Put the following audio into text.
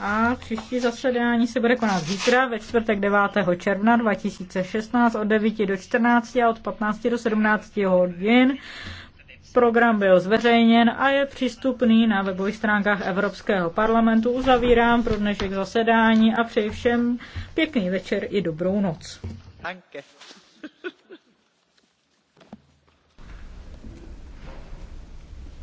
A příští zasedání se bude konat zítra ve čtvrtek 9. června 2016 od 9 do 14 a od 15 do 17 hodin. Program byl zveřejněn a je přístupný na webových stránkách Evropského parlamentu. Uzavírám pro dnešek zasedání a přeji všem pěkný večer i dobrou noc. Danke.